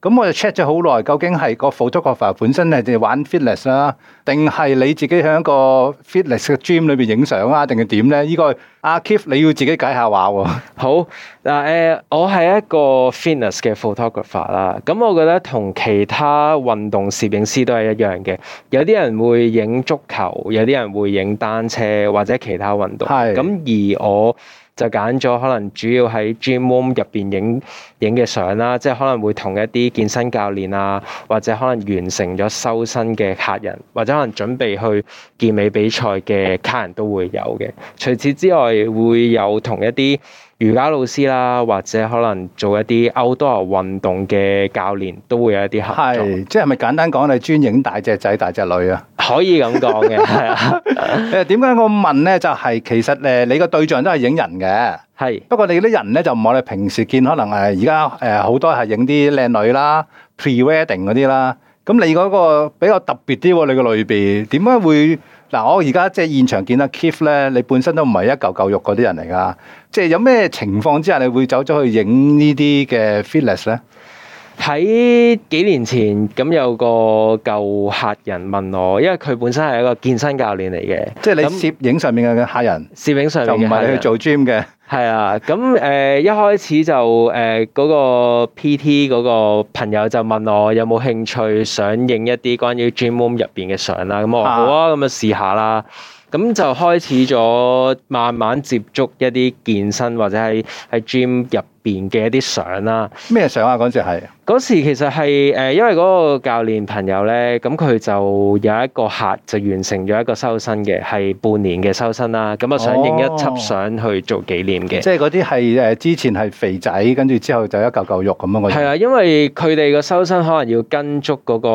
咁我就 check 咗好耐，究竟係個 photographer 本身係就玩 fitness 啦、啊，定係你自己喺個 fitness 嘅 gym 裏邊影相啊，定係點咧？呢、這個阿、啊、Keith 你要自己解下話喎、啊。好嗱，誒、呃，我係一個 fitness 嘅 photographer 啦。咁我覺得同其他運動攝影師都係一樣嘅，有啲人會影足球，有啲人會影單車或者其他運動。係咁是而我。就揀咗可能主要喺 gym room 入邊影影嘅相啦，即係可能會同一啲健身教練啊，或者可能完成咗修身嘅客人，或者可能準備去健美比賽嘅客人都會有嘅。除此之外，會有同一啲。瑜伽老師啦，或者可能做一啲 outdoor 運動嘅教練，都會有一啲合作。係，即係咪簡單講，你專影大隻仔大隻女啊？可以咁講嘅，係啊。誒，點解我問咧？就係其實誒，你個對象都係影人嘅。係。不過你嗰啲人咧，就唔係我哋平時見，可能誒而家誒好多係影啲靚女啦，pre wedding 嗰啲啦。咁你嗰個比較特別啲，你個類別點解會？嗱，我而家即係現場見到 Keith 咧，你本身都唔係一嚿嚿肉嗰啲人嚟噶，即係有咩情況之下你會走咗去影呢啲嘅 fitness 咧？喺幾年前咁有個舊客人問我，因為佢本身係一個健身教練嚟嘅，即係你攝影上面嘅客人，那攝影上面就唔係去做 gym 嘅，係啊，咁誒、呃、一開始就誒嗰、呃那個 PT 嗰個朋友就問我有冇興趣想影一啲關於 gym room 入邊嘅相啦，咁我好啊，咁啊試下啦，咁就開始咗慢慢接觸一啲健身或者係喺 gym 入邊嘅一啲相啦，咩相啊？嗰時係。嗰時其實係誒，因為嗰個教練朋友咧，咁佢就有一個客就完成咗一個修身嘅，係半年嘅修身啦。咁啊，想影一輯相去做紀念嘅、哦。即係嗰啲係誒之前係肥仔，跟住之後就一嚿嚿肉咁樣。我係啊，因為佢哋個修身可能要跟足嗰個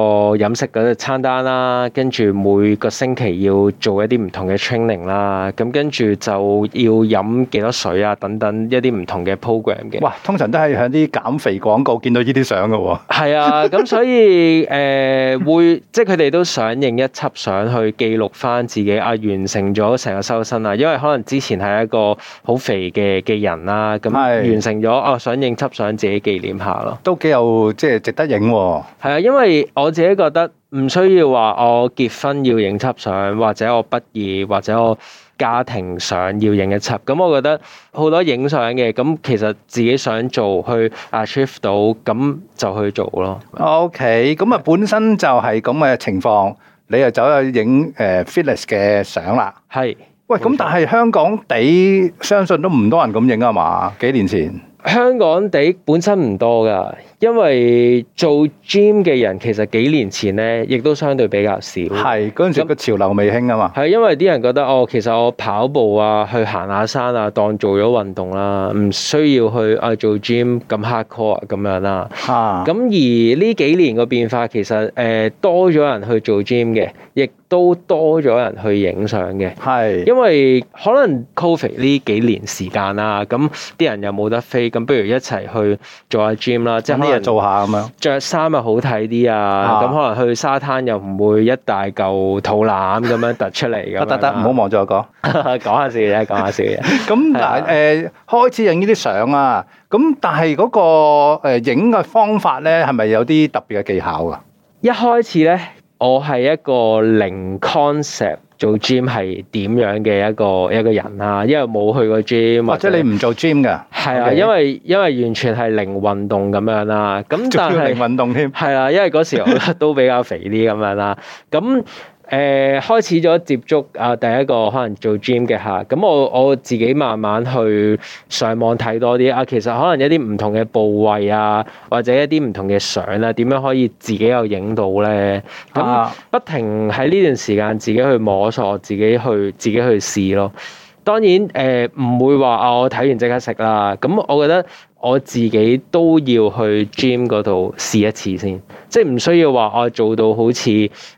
飲食嗰個餐單啦，跟住每個星期要做一啲唔同嘅 training 啦，咁跟住就要飲幾多水啊，等等一啲唔同嘅 program 嘅。哇！通常都係喺啲減肥廣告見到呢啲相。講係 啊，咁所以誒、呃、會即係佢哋都想影一輯相去記錄返自己啊，完成咗成個修身啊。因為可能之前係一個好肥嘅嘅人啦，咁完成咗哦是、啊，想影輯相自己紀念下咯，都幾有即係值得影喎、啊。係啊，因為我自己覺得。唔需要話我結婚要影輯相，或者我畢業或者我家庭相要影一輯。咁我覺得好多影相嘅，咁其實自己想做去 achieve 到，咁就去做咯。OK，咁啊本身就係咁嘅情況，你又走去影誒 fitness 嘅相啦。係、呃，是喂，咁本身 但係香港地相信都唔多人咁影啊嘛，幾年前。香港地本身唔多㗎，因為做 gym 嘅人其實幾年前咧，亦都相對比較少。係嗰陣時個潮流未興啊嘛。係因為啲人覺得哦，其實我跑步啊，去行下山啊，當做咗運動啦、啊，唔需要去啊做 gym 咁 hardcore 咁、啊、樣啦、啊。嚇！咁而呢幾年個變化，其實誒、呃、多咗人去做 gym 嘅，亦，都多咗人去影相嘅，係，因為可能 Covid 呢幾年時間啦，咁啲人又冇得飛，咁不如一齊去做下 gym 啦，即係啲人做下咁樣，着衫又好睇啲啊，咁可能去沙灘又唔會一大嚿肚腩咁樣突出嚟，咁，得得得，唔好望住我講，講下笑啫，講下笑啫，咁嗱，誒，開始影呢啲相啊，咁但係嗰個誒影嘅方法咧，係咪有啲特別嘅技巧啊？一開始咧。我係一個零 concept 做 gym 係點樣嘅一個一個人啦，因為冇去過 gym、啊、或者你唔做 gym 㗎，係啊，因為因為完全係零運動咁樣啦，咁但係零運動添，係啦，因為嗰時我覺得都比較肥啲咁樣啦，咁。 誒、呃、開始咗接觸啊，第一個可能做 gym 嘅嚇，咁我我自己慢慢去上網睇多啲啊，其實可能一啲唔同嘅部位啊，或者一啲唔同嘅相啊，點樣可以自己又影到咧？咁不停喺呢段時間自己去摸索，自己去自己去試咯。當然誒，呃、唔會話啊，我睇完即刻食啦。咁我覺得。我自己都要去 gym 度試一次先，即係唔需要話我、啊、做到好似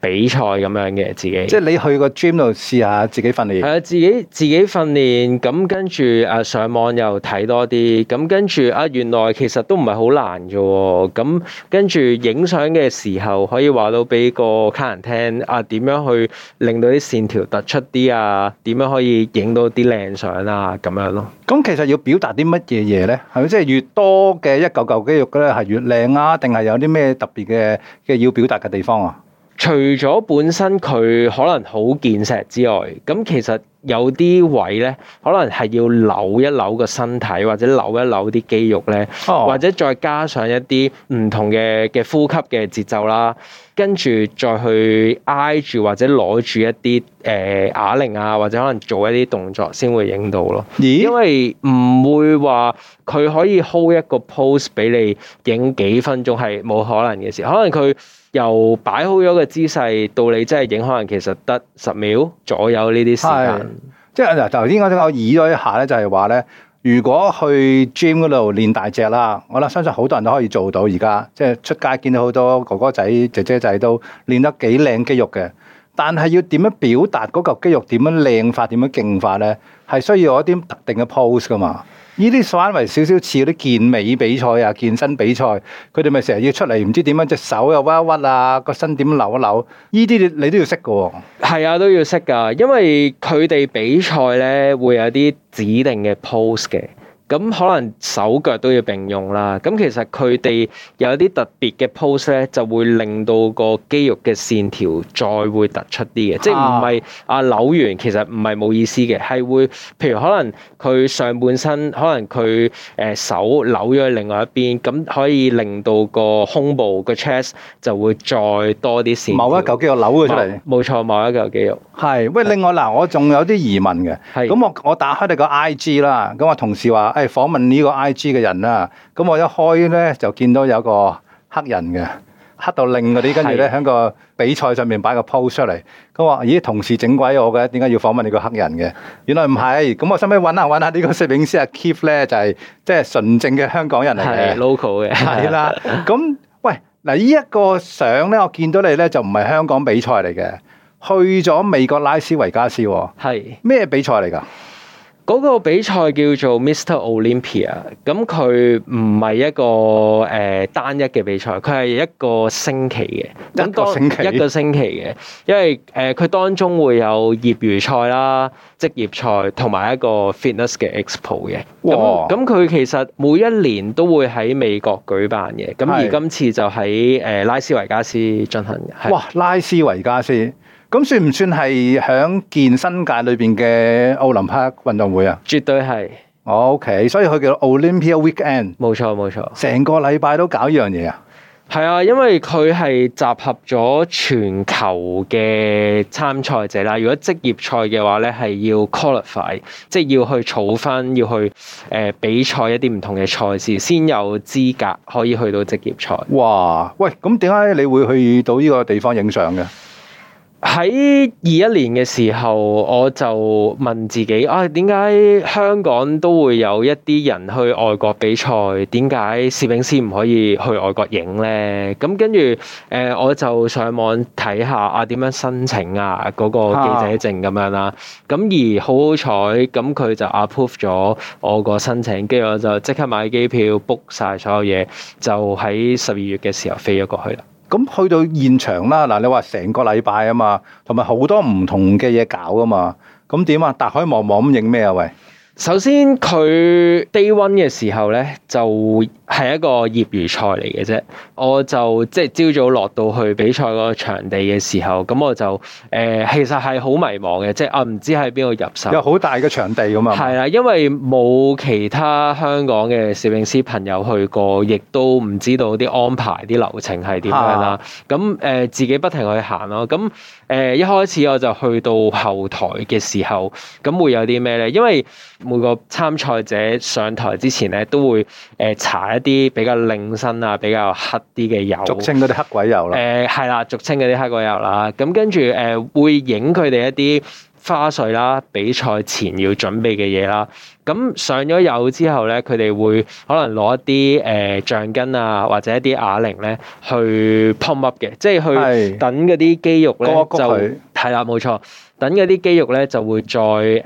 比賽咁樣嘅自己。即係你去個 gym 度試下自己訓練，係、嗯、啊，自己自己訓練，咁跟住啊上網又睇多啲，咁、嗯、跟住啊原來其實都唔係好難㗎喎。咁、嗯、跟住影相嘅時候可以話到俾個客人聽啊，點樣去令到啲線條突出啲啊？點樣可以影到啲靚相啊？咁樣咯。咁、嗯、其實要表達啲乜嘢嘢咧？係咪即係。越多嘅一嚿嚿肌肉咧，係越靚啊？定係有啲咩特別嘅嘅要表達嘅地方啊？除咗本身佢可能好見碩之外，咁其實。有啲位咧，可能係要扭一扭個身體，或者扭一扭啲肌肉咧，哦、或者再加上一啲唔同嘅嘅呼吸嘅節奏啦，跟住再去挨住或者攞住一啲誒、呃、啞鈴啊，或者可能做一啲動作先會影到咯。咦因為唔會話佢可以 hold 一個 pose 俾你影幾分鐘係冇可能嘅事，可能佢由擺好咗個姿勢到你真係影，可能其實得十秒左右呢啲時間。即係嗱，頭先我我議咗一下咧，就係話咧，如果去 gym 嗰度練大隻啦，我諗相信好多人都可以做到而家。即係出街見到好多哥哥仔、姐姐仔都練得幾靚肌肉嘅，但係要點樣表達嗰嚿肌肉點樣靚化、點樣勁化咧，係需要一啲特定嘅 pose 噶嘛。呢啲稍為少少似嗰啲健美比賽啊、健身比賽，佢哋咪成日要出嚟唔知點樣隻手又屈一屈啊，個身點扭一扭？呢啲你都要識嘅喎。係啊，都要識㗎，因為佢哋比賽咧會有啲指定嘅 pose 嘅。咁可能手腳都要並用啦。咁其實佢哋有啲特別嘅 pose 咧，就會令到個肌肉嘅線條再會突出啲嘅。即係唔係啊扭完其實唔係冇意思嘅，係會譬如可能佢上半身，可能佢誒手扭咗去另外一邊，咁可以令到個胸部個 chest 就會再多啲線條。某一嚿肌肉扭咗出嚟。冇錯，某一嚿肌肉。係喂，另外嗱，我仲有啲疑問嘅。係。咁我我打開你個 IG 啦。咁我同事話。誒訪問呢個 IG 嘅人啦，咁我一開咧就見到有個黑人嘅黑到令嗰啲，跟住咧喺個比賽上面擺個 pose 出嚟，佢話：咦，同事整鬼我嘅，點解要訪問你個黑人嘅？原來唔係，咁我使唔使揾下揾下呢個攝影師啊 Keith 咧？ Keith，就係即係純正嘅香港人嚟嘅，local 嘅。係啦，咁的 喂嗱，呢、這、一個相咧，我見到你咧就唔係香港比賽嚟嘅，去咗美國拉斯維加斯，係咩比賽嚟㗎？嗰個比賽叫做 Mr Olympia，咁佢唔係一個誒、呃、單一嘅比賽，佢係一個星期嘅，一個星期一個星期嘅，因為誒佢、呃、當中會有業餘賽啦、職業賽同埋一個 fitness 嘅 expo 嘅。哇！咁佢其實每一年都會喺美國舉辦嘅，咁哇而今次就喺誒、呃、拉斯維加斯進行嘅。係。哇！拉斯維加斯。咁算唔算係喺健身界裏邊嘅奧林匹克運動會啊？絕對係。O、okay, K，所以佢叫做 Olympia Weekend。冇錯冇錯，成個禮拜都搞一樣嘢啊！係啊、嗯，因為佢係集合咗全球嘅參賽者啦。如果職業賽嘅話咧，係要 qualify，即係要去儲分，要去誒、呃、比賽一啲唔同嘅賽事，先有資格可以去到職業賽。哇！喂，咁點解你會去到呢個地方影相嘅？喺二一年嘅時候，我就問自己：啊，點解香港都會有一啲人去外國比賽？點解攝影師唔可以去外國影咧？咁跟住，誒、呃，我就上網睇下啊，點樣申請啊嗰、那個記者證咁樣啦。咁、啊、而好好彩，咁佢就 approve 咗我個申請，跟住我就即刻買機票 book 晒所有嘢，就喺十二月嘅時候飛咗過去啦。咁去到現場啦，嗱，你話成個禮拜啊嘛，同埋好多唔同嘅嘢搞啊嘛，咁點啊？大海茫茫咁影咩啊？喂！首先佢 day one 嘅時候咧，就係、是、一個業餘賽嚟嘅啫。我就即係朝早落到去比賽個場地嘅時候，咁我就誒、呃、其實係好迷茫嘅，即係我唔知喺邊度入手。有好大嘅場地㗎嘛？係啊，因為冇其他香港嘅攝影師朋友去過，亦都唔知道啲安排、啲流程係點樣啦。咁誒的、呃、自己不停去行咯。咁誒、呃、一開始我就去到後台嘅時候，咁會有啲咩咧？因為.每個參賽者上台之前咧，都會誒搽、呃、一啲比較靚身啊、比較黑啲嘅油，俗稱、呃，俗稱嗰啲黑鬼油啦。誒係啦，俗稱嗰啲黑鬼油啦。咁跟住誒會影佢哋一啲花絮啦，比賽前要準備嘅嘢啦。咁上咗油之後咧，佢哋會可能攞一啲誒、呃、橡筋啊，或者一啲啞鈴咧去 pump up 嘅，即係去等嗰啲肌肉咧的就係啦，冇錯。等嗰啲肌肉咧就會再誒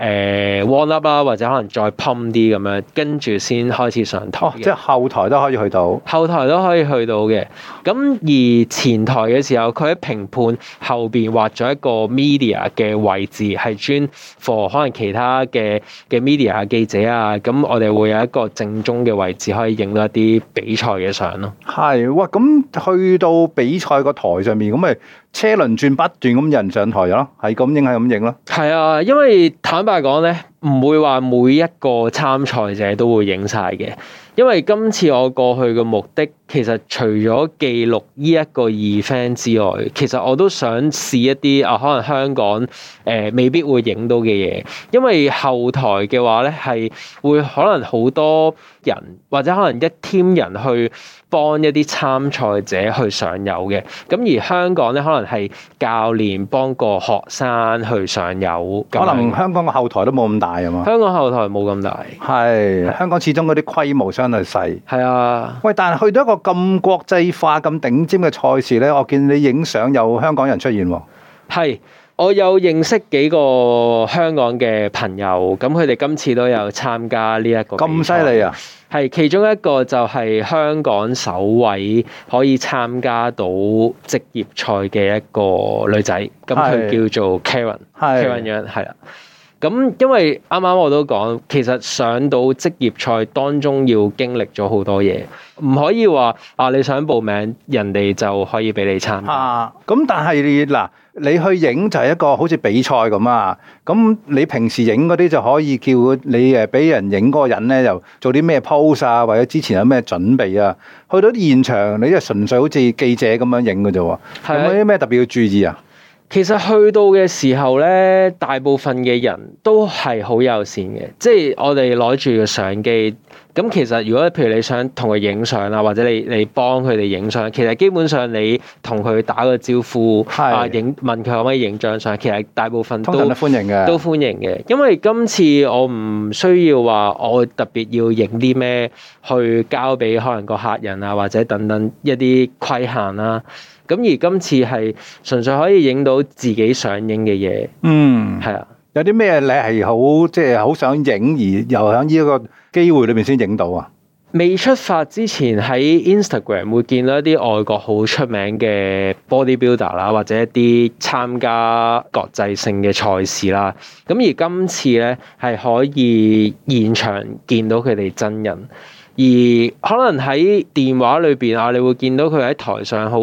warm up 啦，呃呃呃、或者可能再 pump 啲咁樣，跟住先開始上台。哦、即係後台都可以去到，後台都可以去到嘅。咁而前台嘅時候，佢喺評判後邊畫咗一個 media 嘅位置，係專 for 可能其他嘅嘅 media 嘅記者啊。咁我哋會有一個正中嘅位置，可以影到一啲比賽嘅相咯。係哇，咁去到比賽個台上面咁咪。車輪轉不斷咁，人上台咯，係咁影係咁影咯。係啊，因為坦白講咧，唔會話每一個參賽者都會影晒嘅。因為今次我過去嘅目的，其實除咗記錄呢一個 event 之外，其實我都想試一啲啊，可能香港誒、呃、未必會影到嘅嘢。因為後台嘅話咧，係會可能好多人或者可能一 team 人去幫一啲參賽者去上油嘅。咁而香港咧，可能係教練幫個學生去上油，可能香港嘅後台都冇咁大啊嘛。香港後台冇咁大，係是是香港始終啲規模。將係啊！喂，但係去到一個咁國際化、咁頂尖嘅賽事咧，我見你影相有香港人出現喎、啊。係，我有認識幾個香港嘅朋友，咁佢哋今次都有參加呢一個。咁犀利啊！係其中一個就係香港首位可以參加到職業賽嘅一個女仔，咁佢叫做 Karen，Karen Young，係啦。咁，因為啱啱我都講，其實上到職業賽當中，要經歷咗好多嘢，唔可以話啊你想報名，人哋就可以俾你參與。咁、啊、但係嗱，你去影就係一個好似比賽咁啊。咁你平時影嗰啲就可以叫你誒，俾人影嗰個人咧，又做啲咩 pose 啊，或者之前有咩準備啊？去到現場，你就係純粹好似記者咁樣影嘅啫喎。的有冇啲咩特別要注意啊？其實去到嘅時候咧，大部分嘅人都係好友善嘅，即係我哋攞住個相機。咁其實如果譬如你想同佢影相呀，或者你你幫佢哋影相，其實基本上你同佢打個招呼，影是、啊、問佢可唔可以影張相，其實大部分都歡迎嘅，都歡迎嘅。因為今次我唔需要話我特別要影啲咩去交俾可能個客人啊，或者等等一啲規限啦。咁而今次係純粹可以影到自己想影嘅嘢，嗯，係啊，有啲咩你係好即係好想影而又喺呢個機會裏面先影到啊？未出發之前喺 Instagram 會見到一啲外國好出名嘅 bodybuilder 啦，或者一啲參加國際性嘅賽事啦。咁而今次咧係可以現場見到佢哋真人。而可能喺電話裏邊啊，你會見到佢喺台上好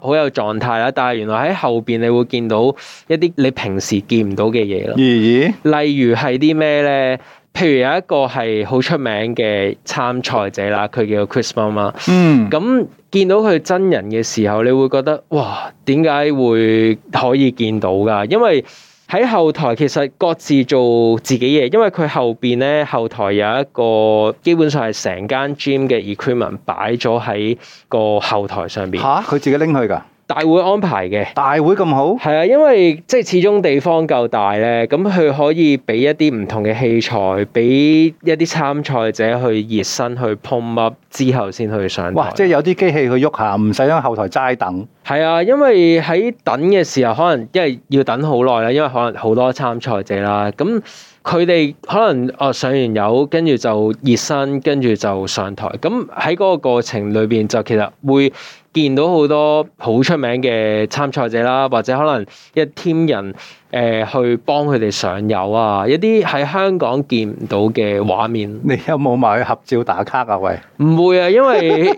好有狀態啦，但係原來喺後邊你會見到一啲你平時見唔到嘅嘢咯。例如係啲咩呢？譬如有一個係好出名嘅參賽者啦，佢叫 Chrisma、嗯、s 啊。嗯。咁見到佢真人嘅時候，你會覺得哇，點解會可以見到噶？因為喺後台其實各自做自己嘢，因為佢後邊咧，後台有一個基本上係成間 gym 嘅 equipment 擺咗喺個後台上邊。嚇、啊！佢自己拎去㗎？大會安排嘅，大會咁好？係啊，因為即係始終地方夠大咧，咁佢可以俾一啲唔同嘅器材，俾一啲參賽者去熱身，去碰 up 之後先去上台。哇！即係有啲機器去喐下，唔使喺後台齋等。係啊，因為喺等嘅時候，可能因為要等好耐啦，因為可能好多參賽者啦，咁佢哋可能哦上完油，跟住就熱身，跟住就上台。咁喺嗰個過程裏邊，就其實會。見到好多好出名嘅參賽者啦，或者可能一 team 人誒、呃、去幫佢哋上油啊，一啲喺香港見唔到嘅畫面。你有冇埋去合照打卡啊？喂，唔會啊，因為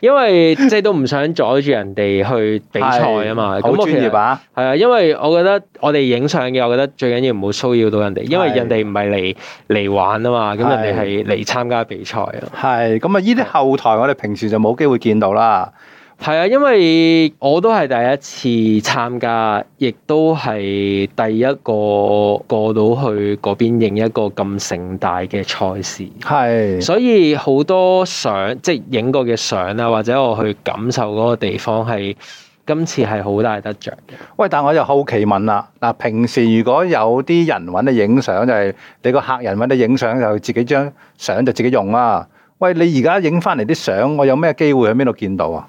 因為即係都唔想阻住人哋去比賽啊嘛。好專業啊！係啊，因為我覺得我哋影相嘅，我覺得最緊要唔好騷擾到人哋，因為人哋唔係嚟嚟玩啊嘛，咁人哋係嚟參加比賽啊。係咁啊！呢啲後台我哋平時就冇機會見到啦。係啊，因為我都係第一次參加，亦都係第一個過到去嗰邊影一個咁盛大嘅賽事。係，所以好多相，即係影過嘅相啊，或者我去感受嗰個地方，係今次係好大得着嘅。喂，但我又好奇問啦，嗱，平時如果有啲人揾你影相，就係你個客人揾你影相，就自己張相就自己用啊。喂，你而家影翻嚟啲相，我有咩機會喺邊度見到啊？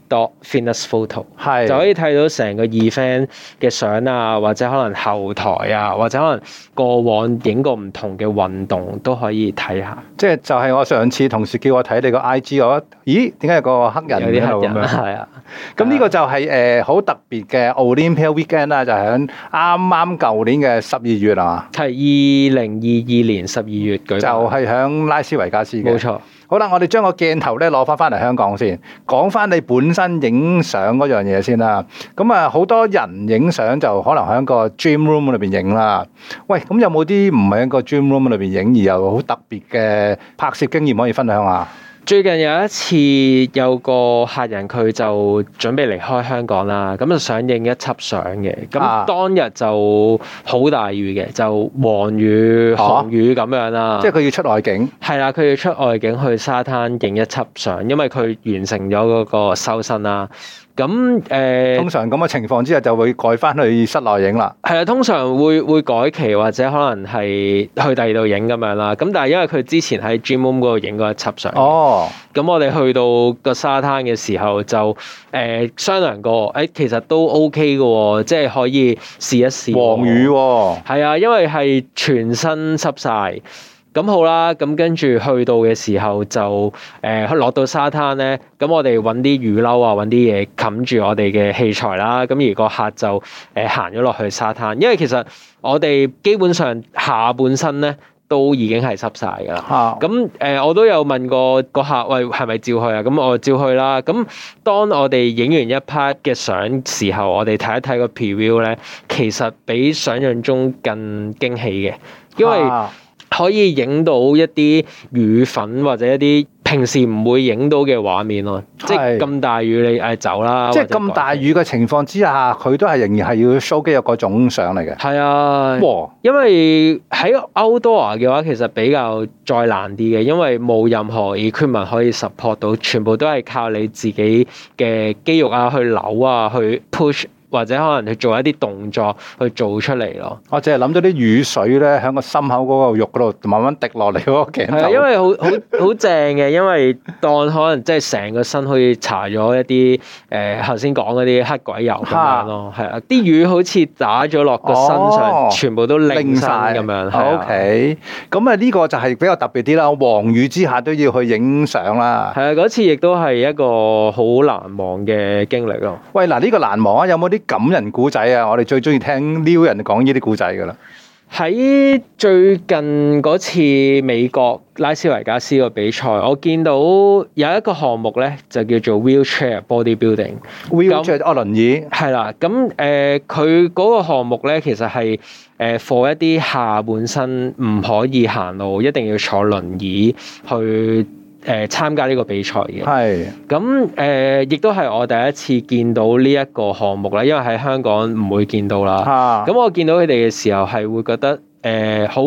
fitness photo，、啊、就可以睇到成個 event 嘅相啊，或者可能後台啊，或者可能過往影過唔同嘅運動都可以睇下。即係就係我上次同事叫我睇你個 IG，我，咦點解有個黑人咁樣？係、就是、啊，咁呢個就係誒好特別嘅 Olympia Weekend 啦，就係響啱啱舊年嘅十二月啊嘛，係二零二二年十二月，月就係響拉斯維加斯冇錯。好啦，我哋將個鏡頭咧攞翻翻嚟香港先，講翻你本身影相嗰樣嘢先啦。咁、嗯、啊，好多人影相就可能喺個 dream room 裏邊影啦。喂，咁有冇啲唔係喺個 dream room 裏邊影而又好特別嘅拍攝經驗可以分享下？最近有一次有個客人佢就準備離開香港啦，咁就想影一輯相嘅。咁當日就好大雨嘅，就黃雨紅雨咁樣啦、啊。即係佢要出外景。係啦，佢要出外景去沙灘影一輯相，因為佢完成咗嗰個修身啦。咁誒，呃、通常咁嘅情況之下，就會改翻去室內影啦。係啊，通常會會改期或者可能係去第二度影咁樣啦。咁但係因為佢之前喺 Gym Room 嗰度影過一輯相，哦，咁我哋去到個沙灘嘅時候就誒、呃、商量過，誒、欸、其實都 OK 嘅，即係可以試一試。黃雨喎、哦，係啊，因為係全身濕晒。咁好啦，咁跟住去到嘅時候就誒落、呃、到沙灘咧，咁我哋揾啲雨褸啊，揾啲嘢冚住我哋嘅器材啦，咁而個客就誒行咗落去沙灘，因為其實我哋基本上下半身咧都已經係濕晒㗎啦。啊、uh.，咁、呃、誒我都有問過個客，喂，係咪照去啊？咁我就照去啦。咁當我哋影完一 part 嘅相時候，我哋睇一睇個 preview 咧，其實比想象中更驚喜嘅，因為，Uh. 可以影到一啲雨粉或者一啲平時唔會影到嘅畫面咯，是即係咁大雨你誒走啦。即係咁大雨嘅情況之下，佢都係仍然係要 show 肌肉嗰種相嚟嘅。係啊，哇因為喺 outdoor 嘅話，其實比較再難啲嘅，因為冇任何 equipment 可以 support 到，全部都係靠你自己嘅肌肉啊去扭啊去 push。或者可能去做一啲動作去做出嚟咯。我淨係諗到啲雨水咧，響個心口嗰個肉嗰度慢慢滴落嚟嗰個頸度。因為好好好正嘅，因為當可能即係成個身可以搽咗一啲誒頭先講嗰啲黑鬼油咁樣咯。係啊，啲雨好似打咗落個身上，哦、全部都凜晒咁樣。O K，咁啊呢個就係比較特別啲啦。黃雨之下都要去影相啦。係啊，嗰次亦都係一個好難忘嘅經歷咯。喂，嗱呢個難忘啊，有冇啲？感人故仔啊！我哋最中意聽 new 人講呢啲故仔㗎喇。喺最近嗰次美國拉斯維加斯個比賽，我見到有一個項目咧，就叫做 Wheelchair Bodybuilding Wheelchair 那哦輪椅係啦。咁誒佢嗰個項目咧，其實係、呃、for 一啲下半身唔可以行路，一定要坐輪椅去。誒、呃、參加呢個比賽嘅，係咁誒，亦都係我第一次見到呢一個項目啦，因為喺香港唔會見到啦。咁是的 我見到佢哋嘅時候係會覺得誒好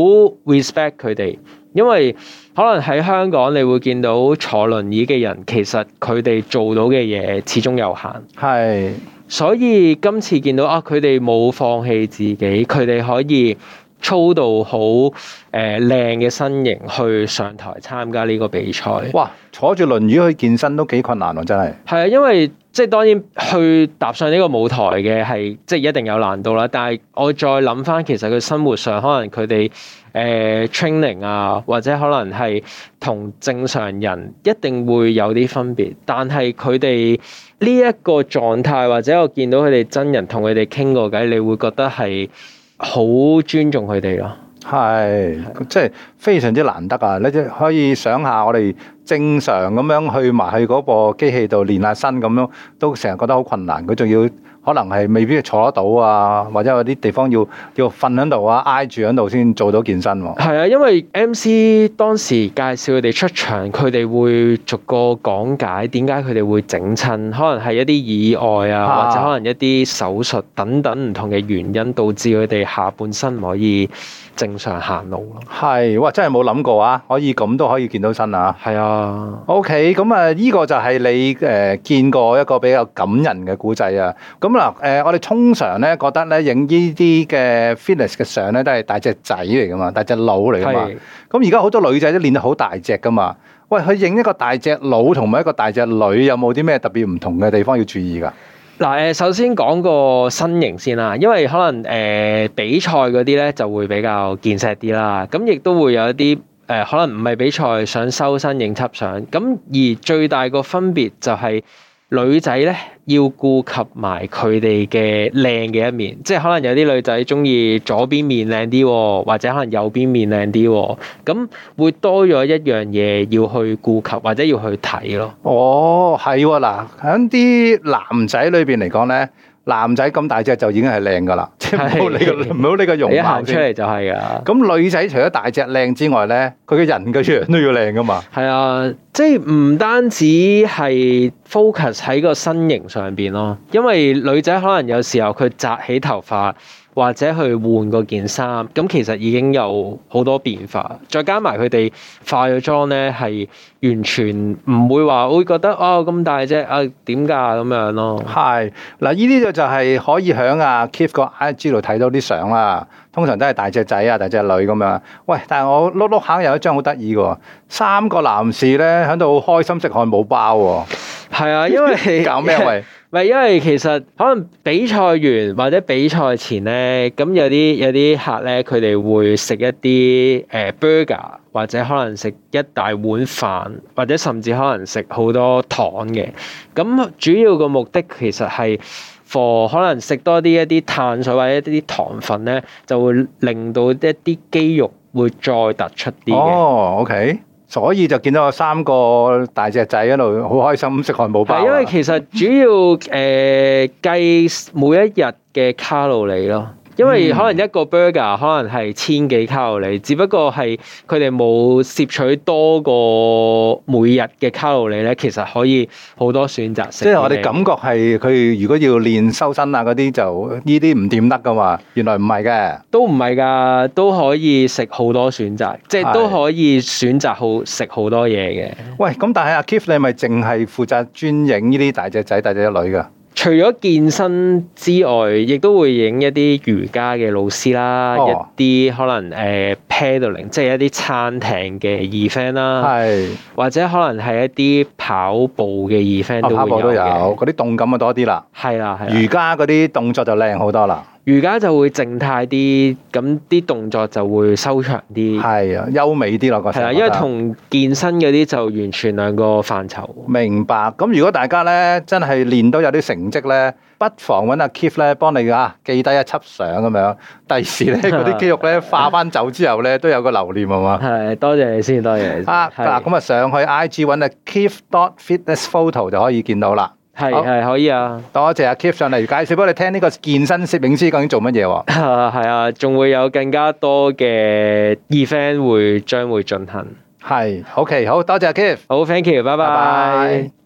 respect 佢哋，因為可能喺香港你會見到坐輪椅嘅人，其實佢哋做到嘅嘢始終有限。係，是的 所以今次見到啊，佢哋冇放棄自己，佢哋可以。操到好誒靚嘅身形去上台參加呢個比賽，哇！坐住輪椅去健身都幾困難喎、啊，真係。係啊，因為即係當然去踏上呢個舞台嘅係即係一定有難度啦。但係我再諗返，其實佢生活上可能佢哋誒、呃、training 啊，或者可能係同正常人一定會有啲分別。但係佢哋呢一個狀態，或者我見到佢哋真人同佢哋傾過偈，你會覺得係。好尊重佢哋咯，係是的即係。非常之難得啊！你即可以想下，我哋正常咁樣去埋去嗰個機器度練下身咁樣都成日覺得好困難，佢仲要可能係未必坐得到啊，或者有啲地方要要瞓喺度啊，挨住喺度先做到健身，係啊，因為 MC 當時介紹佢哋出場，佢哋會逐個講解點解佢哋會整親可能係一啲意外啊，或者可能一啲手術等等唔同嘅原因，導致佢哋下半身唔可以正常行路咯。係、啊。真係冇諗過啊！可以咁都可以見到身啊！係啊，OK，咁啊，依、okay，個就係你誒、呃、見過一個比較感人嘅古仔啊。咁嗱誒，我哋通常咧覺得咧影呢啲嘅 fitness 嘅相咧都係大隻仔嚟噶嘛，大隻佬嚟噶嘛。咁而家好多女仔都練得好大隻噶嘛。喂，佢影一個大隻佬同埋一個大隻女，有冇啲咩特別唔同嘅地方要注意噶？嗱誒，首先講個身形先啦，因為可能誒、呃、比賽嗰啲咧就會比較健碩啲啦，咁亦都會有一啲誒、呃、可能唔係比賽想收身影輯相，咁而最大個分別就係、是。女仔咧要顧及埋佢哋嘅靚嘅一面，即係可能有啲女仔中意左邊面靚啲，或者可能右邊面靚啲，咁會多咗一樣嘢要去顧及或者要去睇咯。哦，係喎、啊，嗱響啲男仔裏邊嚟講咧。男仔咁大隻就已經係靚噶啦，即係唔理呢個唔理呢個容貌，出嚟就係㗎。咁女仔除咗大隻靚之外咧，佢嘅人嘅樣都要靚噶嘛。係啊，即係唔單止係 focus 喺個身形上邊咯，因為女仔可能有時候佢紮起頭髮。或者去換嗰件衫，咁其實已經有好多變化。再加埋佢哋化咗妝咧，係完全唔會話會覺得哦咁大隻啊點㗎咁樣咯。係嗱，呢啲就就係可以喺啊 Keith 個 IG 度睇到啲相啦。通常都係大隻仔啊，大隻女咁樣。喂，但係我碌碌下有一張好得意喎，三個男士咧喺度開心食漢堡包喎、啊。係啊，因為搞咩喂？唔係，因為其實可能比賽完或者比賽前咧，咁有啲有啲客咧，佢哋會食一啲誒、呃、burger，或者可能食一大碗飯，或者甚至可能食好多糖嘅。咁主要個目的其實係 for 可能食多啲一啲碳水或者一啲糖分咧，就會令到一啲肌肉會再突出啲嘅。哦、oh，OK。所以就見到有三個大隻仔喺度好開心食漢堡包，啊。因為其實主要誒、 呃、計每一日嘅卡路里咯。因為可能一個 burger 可能係千幾卡路里，只不過係佢哋冇攝取多過每日嘅卡路里咧，其實可以好多選擇食。即係我哋感覺係佢如果要練修身啊嗰啲就呢啲唔掂得噶嘛，原來唔係嘅，都唔係㗎，都可以食好多選擇，即係都可以選擇好食好的多嘢嘅。喂，咁但係阿 Keith，你咪淨係負責專影呢啲大隻仔大隻女㗎？除咗健身之外，亦都會影一啲瑜伽嘅老師啦，哦、一啲可能誒、呃、paddling，即係一啲撐艇嘅 event 啦是，係或者可能係一啲跑步嘅 event 都有嘅。嗰啲動感就多啊多啲啦，係啦係。瑜伽嗰啲動作就靚好多啦。瑜伽就會靜態啲，咁啲動作就會收長啲，係啊，優美啲咯，個係啦，因為同健身嗰啲就完全兩個範疇。明白。咁如果大家咧真係練到有啲成績咧，不妨揾阿 Keith 咧幫你啊記低一輯相咁樣，第時咧嗰啲肌肉咧化翻走之後咧都有個留念係嘛？係， 多謝你先，多謝你先啊嗱，咁啊的上去 IG 揾阿 Keith dot fitness photo 就可以見到啦。係係是好可以啊，多謝阿 Keith 上嚟介紹，俾我哋聽呢個健身攝影師究竟做乜嘢？啊係啊，仲、啊、會有更加多嘅 event 會將會進行。係，OK，好多謝阿 Keith。好，thank you，拜拜。Bye bye。